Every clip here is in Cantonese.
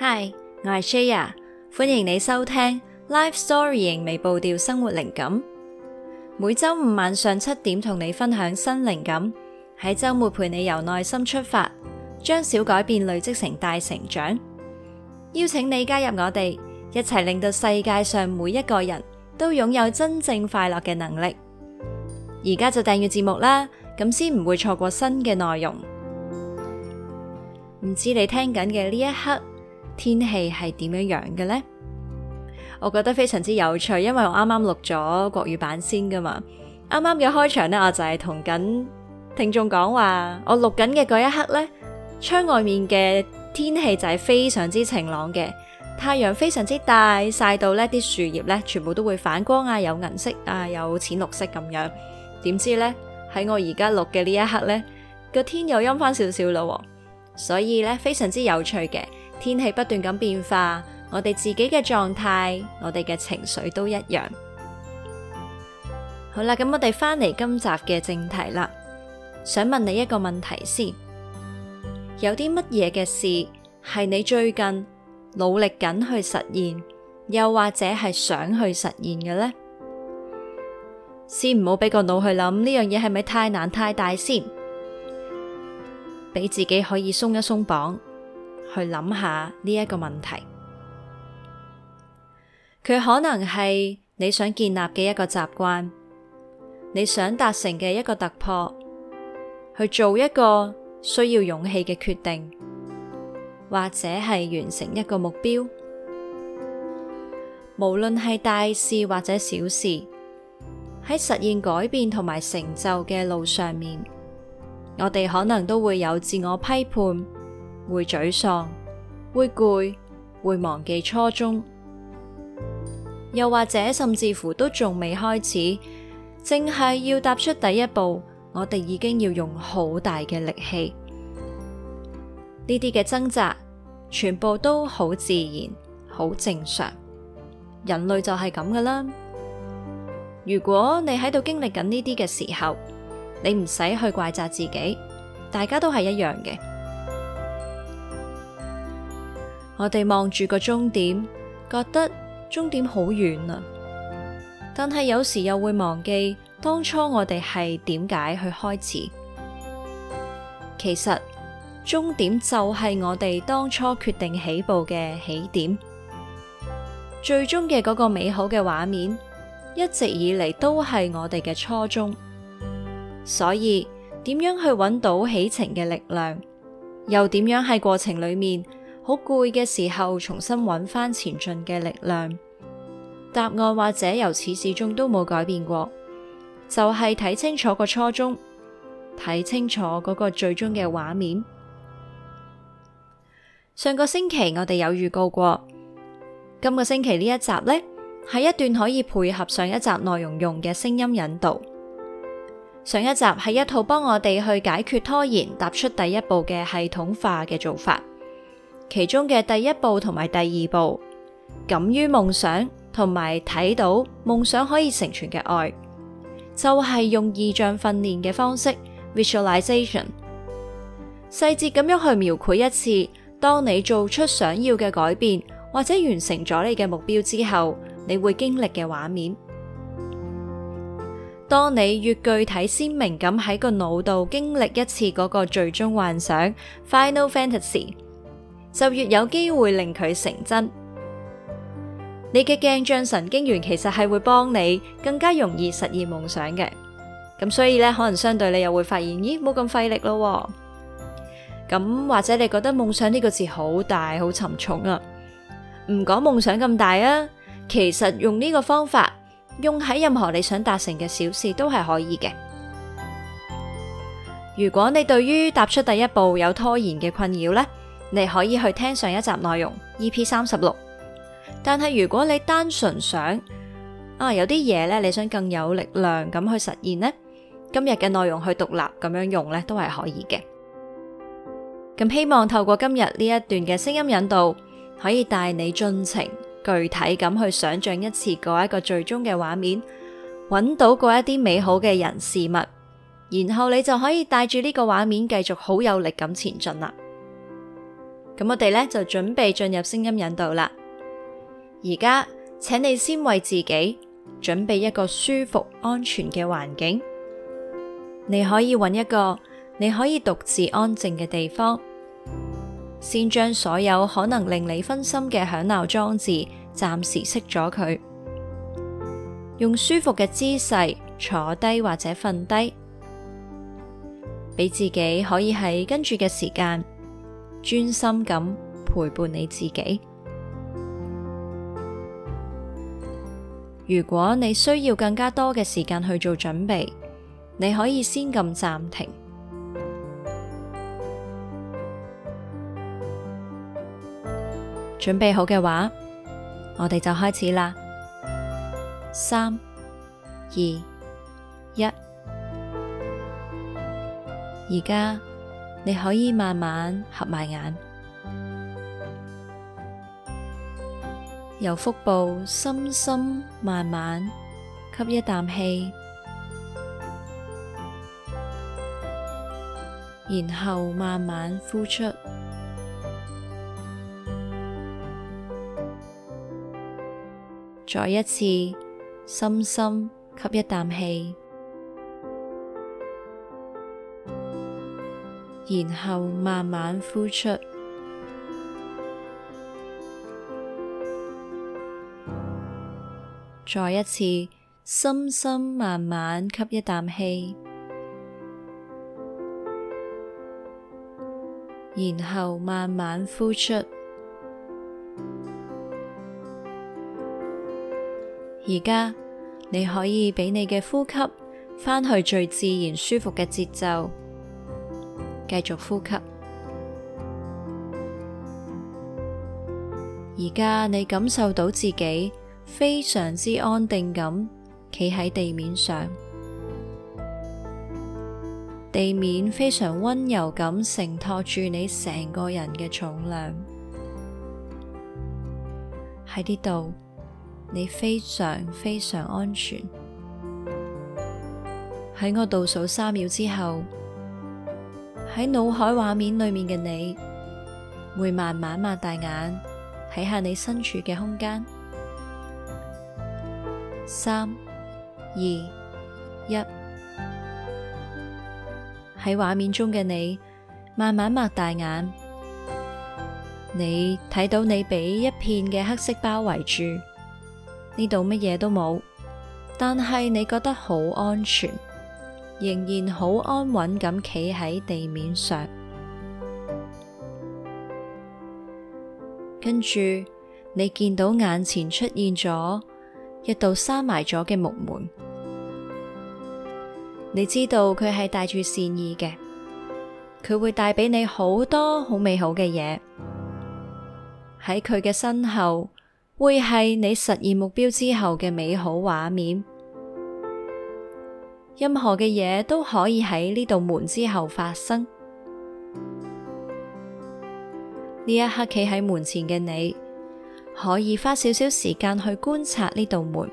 嗨，Hi，我係 Shaya，歡迎你收聽《Life Story》微步調生活靈感，每周五晚上七點同你分享新靈感，喺周末陪你由內心出發，將小改變累積成大成長。邀請你加入我哋，一齊令到世界上每一個人都擁有真正快樂嘅能力。而家就訂閱節目啦，咁先唔會錯過新嘅內容。唔知你聽緊嘅呢一刻，天氣係點樣樣嘅呢？我覺得非常之有趣，因為我啱啱錄咗國語版先噶嘛。啱啱嘅開場呢，我就係同緊聽眾講話。我錄緊嘅嗰一刻呢，窗外面嘅天氣就係非常之晴朗嘅，太陽非常之大，曬到呢啲樹葉呢，全部都會反光啊，有銀色啊，有淺綠色咁樣。點知呢？喺我而家錄嘅呢一刻呢，個天又陰翻少少啦，所以呢，非常之有趣嘅。天氣不斷咁變化，我哋自己嘅狀態，我哋嘅情緒都一樣。好啦，咁我哋返嚟今集嘅正題啦。想問你一個問題先，有啲乜嘢嘅事係你最近努力緊去實現，又或者係想去實現嘅呢？先唔好俾個腦去諗呢樣嘢係咪太難太大先，俾自己可以鬆一鬆綁。去諗下呢一個問題，佢可能係你想建立嘅一個習慣，你想達成嘅一個突破，去做一個需要勇氣嘅決定，或者係完成一個目標。無論係大事或者小事，喺實現改變同埋成就嘅路上面，我哋可能都會有自我批判。會沮喪，會攰，會忘記初衷，又或者甚至乎都仲未開始，淨係要踏出第一步，我哋已經要用好大嘅力氣。呢啲嘅掙扎，全部都好自然，好正常。人類就係咁嘅啦。如果你喺度經歷緊呢啲嘅時候，你唔使去怪責自己，大家都係一樣嘅。我哋望住個終點，覺得終點好遠啊。但係有時又會忘記當初我哋係點解去開始。其實終點就係我哋當初決定起步嘅起點，最終嘅嗰個美好嘅畫面，一直以嚟都係我哋嘅初衷。所以點樣去揾到起程嘅力量，又點樣喺過程裏面？好攰嘅時候，重新揾翻前進嘅力量。答案或者由始至終都冇改變過，就係睇清楚個初衷，睇清楚嗰個最終嘅畫面。上個星期我哋有預告過，今個星期呢一集呢，係一段可以配合上一集內容用嘅聲音引導。上一集係一套幫我哋去解決拖延、踏出第一步嘅系統化嘅做法。其中嘅第一步同埋第二步，敢於夢想同埋睇到夢想可以成全嘅愛，就係、是、用意象訓練嘅方式 （visualization），細節咁樣去描繪一次。當你做出想要嘅改變或者完成咗你嘅目標之後，你會經歷嘅畫面。當你越具體鮮明咁喺個腦度經歷一次嗰個最終幻想 （final fantasy）。就越有機會令佢成真。你嘅鏡像神經元其實係會幫你更加容易實現夢想嘅。咁所以咧，可能相對你又會發現，咦，冇咁費力咯、哦。咁或者你覺得夢想呢個字好大好沉重啊？唔講夢想咁大啊，其實用呢個方法用喺任何你想達成嘅小事都係可以嘅。如果你對於踏出第一步有拖延嘅困擾呢？你可以去聽上一集內容 EP 三十六，但係如果你單純想啊有啲嘢咧，你想更有力量咁去實現咧，今日嘅內容去獨立咁樣用咧都係可以嘅。咁希望透過今日呢一段嘅聲音引導，可以帶你盡情具體咁去想象一次嗰一個最終嘅畫面，搵到嗰一啲美好嘅人事物，然後你就可以帶住呢個畫面繼續好有力咁前進啦。咁我哋呢就準備進入聲音引導啦。而家請你先為自己準備一個舒服、安全嘅環境。你可以揾一個你可以獨自安靜嘅地方，先將所有可能令你分心嘅響鬧裝置暫時熄咗佢。用舒服嘅姿勢坐低或者瞓低，俾自己可以喺跟住嘅時間，專心咁陪伴你自己。如果你需要更加多嘅時間去做準備，你可以先撳暫停。準備好嘅話，我哋就開始啦。三、二、一，而家。你可以慢慢合埋眼，由腹部深深慢慢吸一啖氣，然後慢慢呼出，再一次深深吸一啖氣。然後慢慢呼出，再一次深深慢慢吸一啖氣，然後慢慢呼出。而家你可以畀你嘅呼吸翻去最自然舒服嘅節奏。繼續呼吸。而家你感受到自己非常之安定咁企喺地面上，地面非常溫柔咁承托住你成個人嘅重量。喺呢度，你非常非常安全。喺我倒數三秒之後。喺腦海畫面裏面嘅你，會慢慢擘大眼睇下你身處嘅空間。三、二、一，喺畫面中嘅你慢慢擘大眼，你睇到你畀一片嘅黑色包圍住，呢度乜嘢都冇，但係你覺得好安全。仍然好安穩咁企喺地面上，跟住你見到眼前出現咗一度閂埋咗嘅木門，你知道佢係帶住善意嘅，佢會帶俾你好多好美好嘅嘢。喺佢嘅身後，會係你實現目標之後嘅美好畫面。任何嘅嘢都可以喺呢道門之後發生。呢一刻企喺門前嘅你，可以花少少時間去觀察呢道門，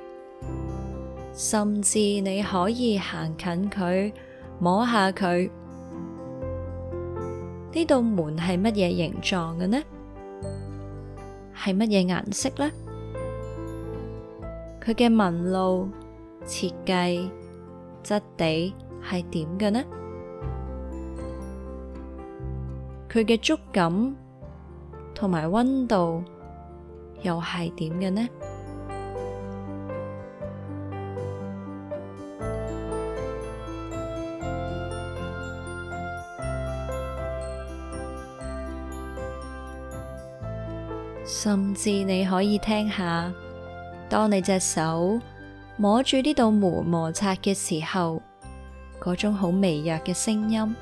甚至你可以行近佢，摸下佢。呢道門係乜嘢形狀嘅呢？係乜嘢顏色呢？佢嘅紋路設計。質地係點嘅呢？佢嘅觸感同埋溫度又係點嘅呢？甚至你可以聽下，當你隻手。摸住呢道門摩擦嘅時候，嗰種好微弱嘅聲音。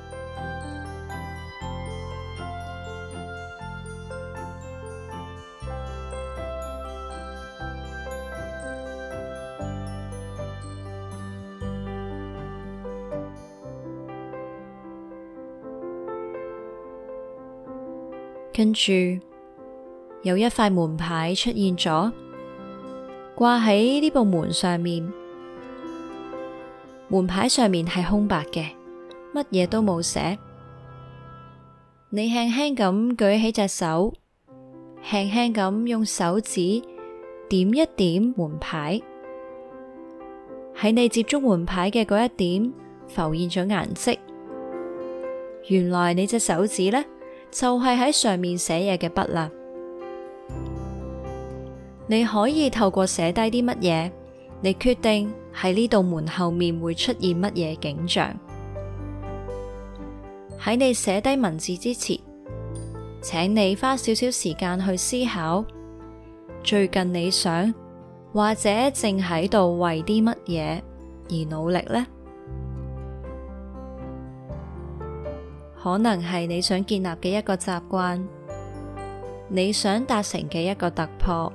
跟住，有一塊門牌出現咗。掛喺呢部門上面，門牌上面係空白嘅，乜嘢都冇寫。你輕輕咁舉起隻手，輕輕咁用手指點一點門牌，喺你接觸門牌嘅嗰一點浮現咗顏色。原來你隻手指呢，就係喺上面寫嘢嘅筆啦。你可以透過寫低啲乜嘢，你決定喺呢道門後面會出現乜嘢景象。喺你寫低文字之前，請你花少少時間去思考，最近你想，或者正喺度為啲乜嘢而努力呢？可能係你想建立嘅一個習慣，你想達成嘅一個突破。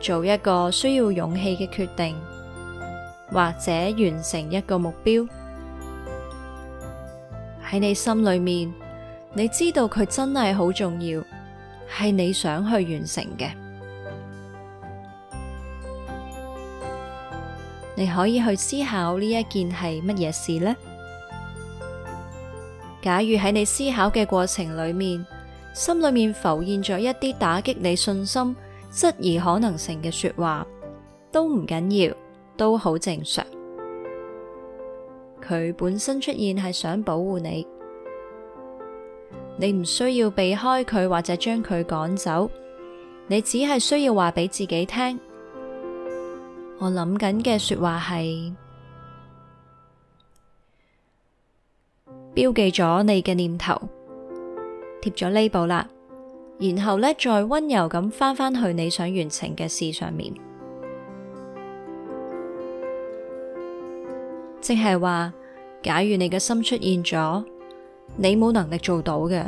做一個需要勇氣嘅決定，質疑可能性嘅說話都唔緊要，都好正常。佢本身出現係想保護你，你唔需要避開佢或者將佢趕走，你只係需要話俾自己聽，我諗緊嘅說話係標記咗你嘅念頭，貼咗呢部 b 啦。然後咧，再溫柔咁翻返去你想完成嘅事上面，即係話，假如你嘅心出現咗，你冇能力做到嘅，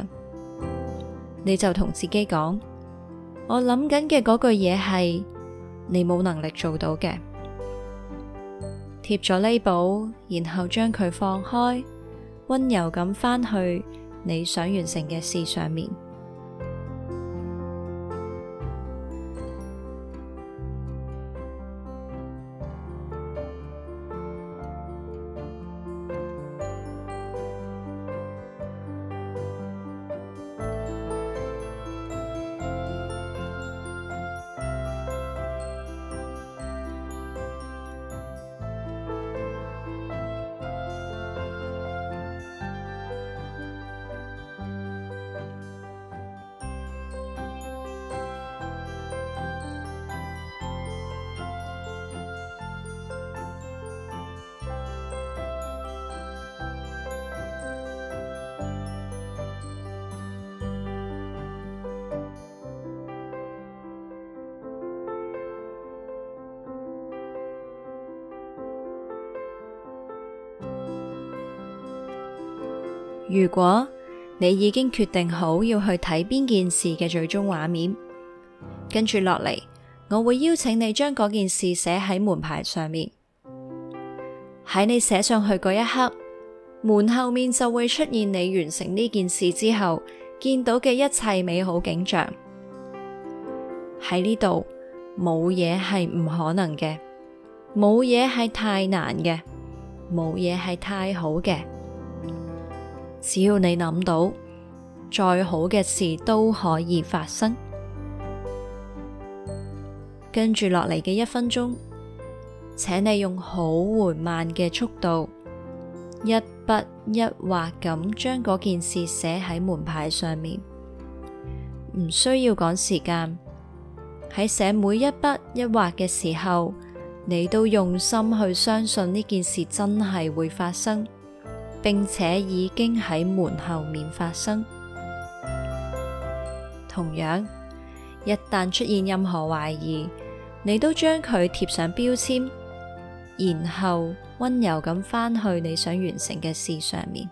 你就同自己講，我諗緊嘅嗰句嘢係你冇能力做到嘅，貼咗 label，然後將佢放開，溫柔咁翻去你想完成嘅事上面。如果你已經決定好要去睇邊件事嘅最終畫面，跟住落嚟，我會邀請你將嗰件事寫喺門牌上面。喺你寫上去嗰一刻，門後面就會出現你完成呢件事之後見到嘅一切美好景象。喺呢度，冇嘢係唔可能嘅，冇嘢係太難嘅，冇嘢係太好嘅。只要你諗到，再好嘅事都可以發生。跟住落嚟嘅一分鐘，請你用好緩慢嘅速度，一筆一畫咁將嗰件事寫喺門牌上面。唔需要趕時間，喺寫每一筆一畫嘅時候，你都用心去相信呢件事真係會發生。並且已經喺門後面發生。同樣，一旦出現任何懷疑，你都將佢貼上標籤，然後温柔咁返去你想完成嘅事上面。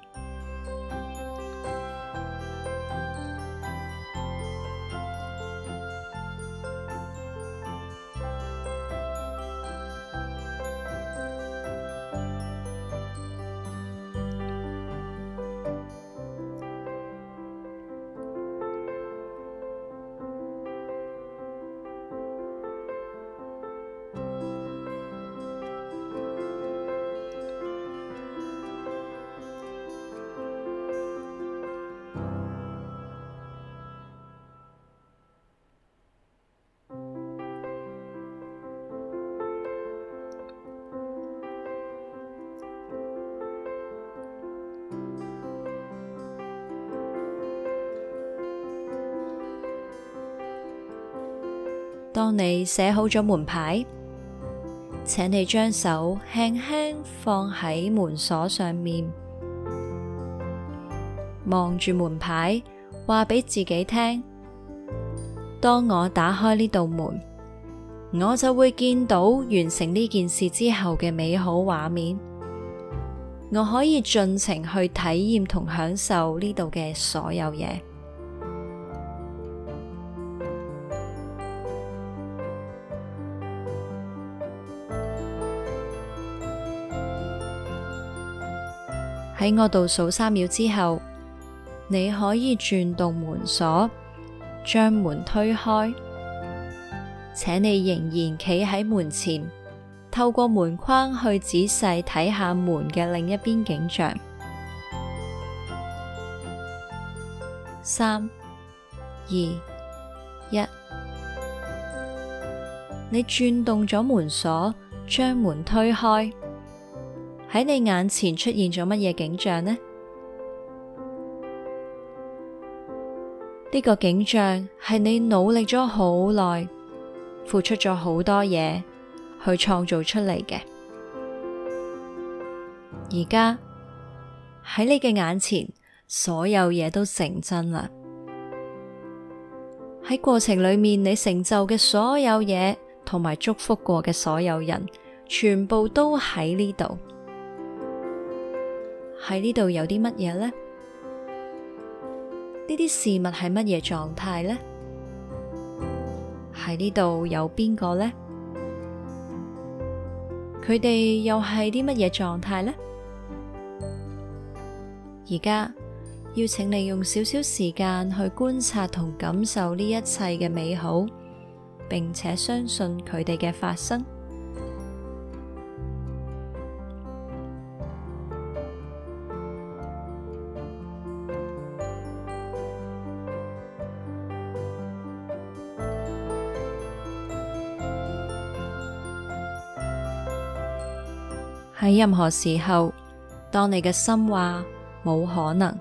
當你寫好咗門牌，請你將手輕輕放喺門鎖上面，望住門牌，話俾自己聽：當我打開呢道門，我就會見到完成呢件事之後嘅美好畫面，我可以盡情去體驗同享受呢度嘅所有嘢。喺我度數三秒之後，你可以轉動門鎖，將門推開。請你仍然企喺門前，透過門框去仔細睇下門嘅另一邊景象。三、二、一，你轉動咗門鎖，將門推開。喺你眼前出現咗乜嘢景象呢？呢個景象係你努力咗好耐，付出咗好多嘢去創造出嚟嘅。而家喺你嘅眼前，所有嘢都成真啦。喺過程裏面，你成就嘅所有嘢，同埋祝福過嘅所有人，全部都喺呢度。喺呢度有啲乜嘢呢？呢啲事物係乜嘢狀態呢？喺呢度有邊個呢？佢哋又係啲乜嘢狀態呢？而家要請你用少少時間去觀察同感受呢一切嘅美好，並且相信佢哋嘅發生。喺任何時候，當你嘅心話冇可能，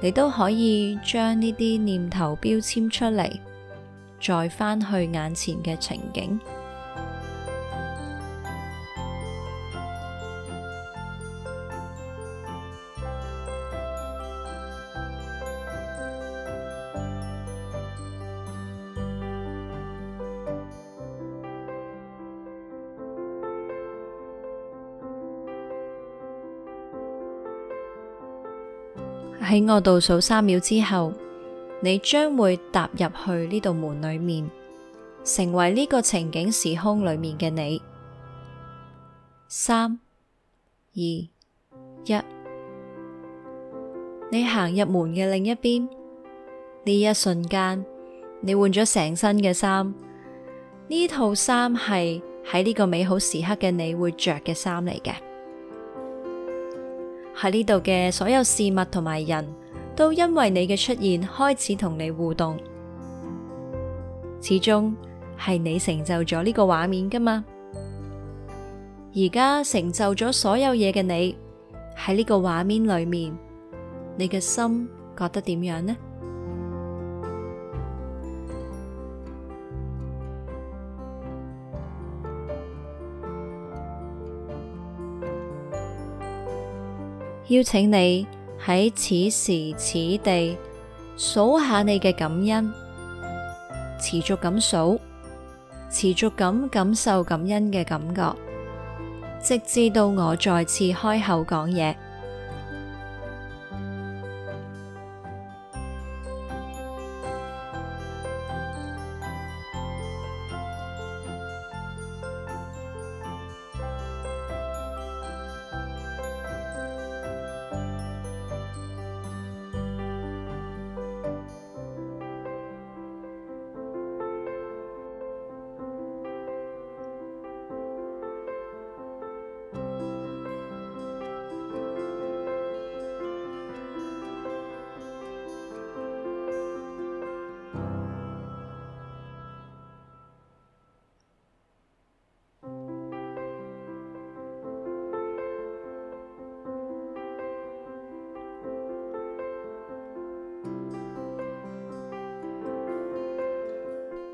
你都可以將呢啲念頭標籤出嚟，再返去眼前嘅情景。喺我倒數三秒之後，你將會踏入去呢道門裏面，成為呢個情景時空裏面嘅你。三、二、一，你行入門嘅另一邊，呢一瞬間，你換咗成身嘅衫，呢套衫係喺呢個美好時刻嘅你會着嘅衫嚟嘅。喺呢度嘅所有事物同埋人都因為你嘅出現開始同你互動，始終係你成就咗呢個畫面㗎嘛。而家成就咗所有嘢嘅你，喺呢個畫面裏面，你嘅心覺得點樣呢？邀請你喺此時此地數下你嘅感恩，持續咁數，持續咁感受感恩嘅感覺，直至到我再次開口講嘢。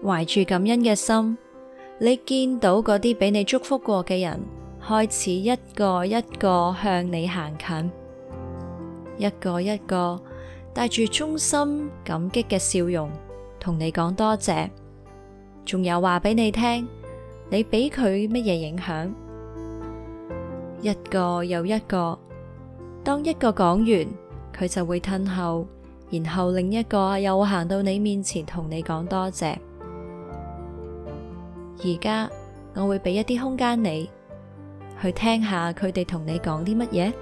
懷住感恩嘅心，你見到嗰啲俾你祝福過嘅人，開始一個一個向你行近，一個一個帶住衷心感激嘅笑容，同你講多謝。仲有話俾你聽，你俾佢乜嘢影響？一個又一個，當一個講完，佢就會褪後，然後另一個又行到你面前，同你講多謝。而家我會畀一啲空間你，去聽下佢哋同你講啲乜嘢。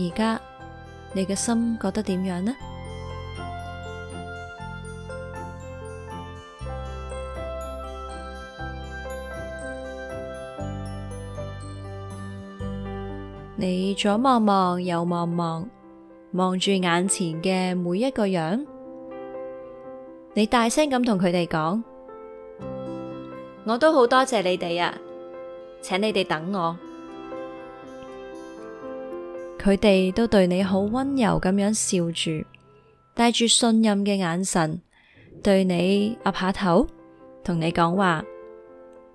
而家你嘅心覺得點樣呢？你左望望，右望望，望住眼前嘅每一個樣，你大聲咁同佢哋講：我都好多謝你哋呀，請你哋等我。佢哋都對你好溫柔咁樣笑住，帶住信任嘅眼神對你岌下頭，同你講話：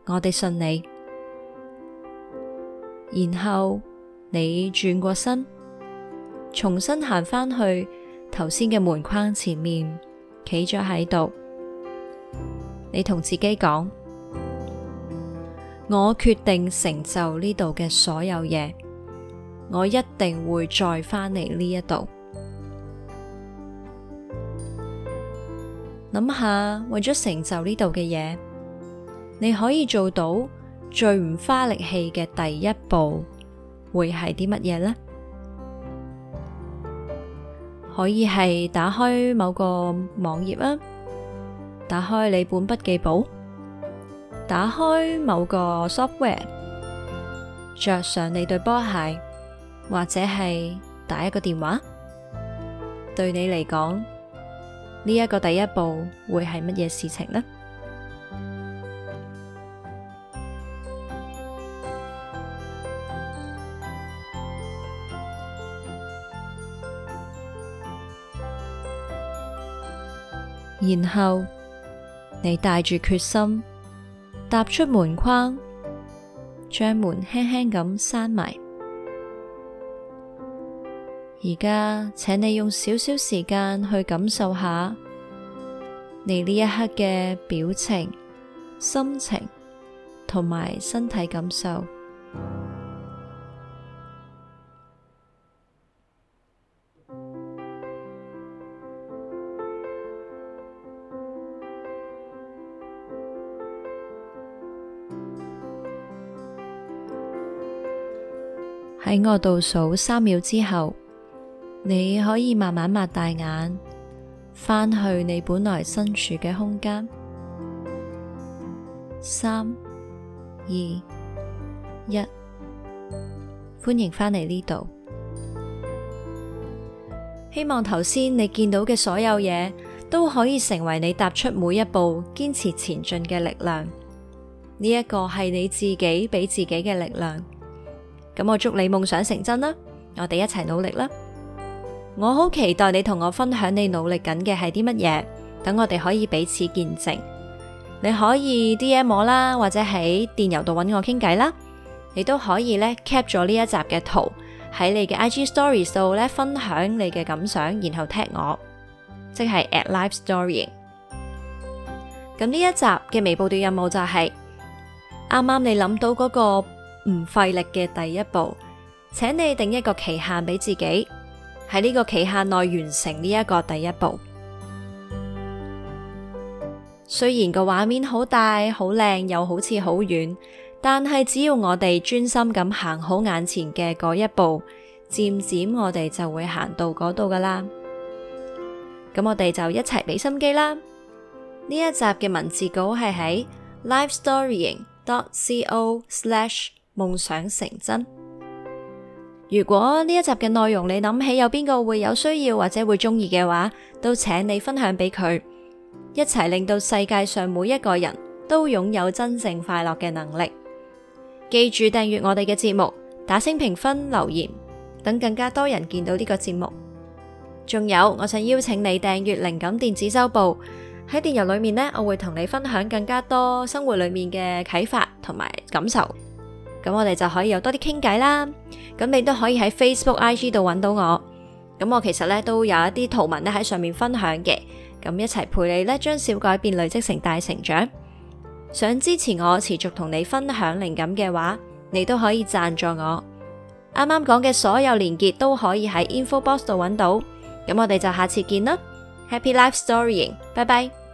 我哋信你。然後你轉過身，重新行翻去頭先嘅門框前面，企咗喺度。你同自己講：我決定成就呢度嘅所有嘢。我一定會再返嚟呢一度。諗下，為咗成就呢度嘅嘢。你可以做到最唔花力氣嘅第一步，會係啲乜嘢呢？可以係打開某個網頁吖，打開你本筆記簿,打開某個 software, 着上你對波鞋。或者係打一個電話，對你嚟講，呢一個第一步會係乜嘢事情呢？然後你帶住決心，踏出門框，將門輕輕咁閂埋。而家，請你用少少時間去感受下你呢一刻嘅表情、心情同埋身體感受。喺我倒數三秒之後，你可以慢慢擘大眼，翻去你本來身處嘅空間。三、二、一，歡迎翻嚟呢度。希望頭先你見到嘅所有嘢都可以成為你踏出每一步、堅持前進嘅力量。呢一個係你自己俾自己嘅力量。咁我祝你夢想成真啦！我哋一齊努力啦！我好期待你同我分享你努力緊嘅係啲乜嘢，等我哋可以彼此見證。你可以 DM 我啦，或者喺電郵度揾我傾偈啦。你都可以呢 cap 咗呢一集嘅圖喺你嘅 IG Story 度呢分享你嘅感想，然後踢我，即係 at live story。咁呢一集嘅微步調任務就係啱啱你諗到嗰個唔費力嘅第一步，請你定一個期限俾自己。喺呢個期限內完成呢一個第一步。雖然個畫面好大，好靚，又好似好遠，但係只要我哋專心咁行好眼前嘅嗰一步，漸漸我哋就會行到嗰度噶啦。咁我哋就一齊俾心機啦。呢一集嘅文字稿係喺 livestorying.co/ m 夢想成真。如果呢一集嘅內容你諗起有邊個會有需要或者會中意嘅話，都請你分享俾佢，一齊令到世界上每一個人都擁有真正快樂嘅能力。記住訂閱我哋嘅節目，打聲評分、留言等更加多人見到呢個節目。仲有，我想邀請你訂閱靈感電子周報，喺電郵裏面呢，我會同你分享更加多生活裏面嘅啟發同埋感受。咁我哋就可以有多啲傾偈啦。咁你都可以喺 Facebook、IG 度揾到我。咁我其實咧都有一啲圖文咧喺上面分享嘅。咁一齊陪你咧將小改變累積成大成長。想支持我持續同你分享靈感嘅話，你都可以贊助我。啱啱講嘅所有連結都可以喺 InfoBox 度揾到。咁我哋就下次見啦。Happy Life Storying，拜拜。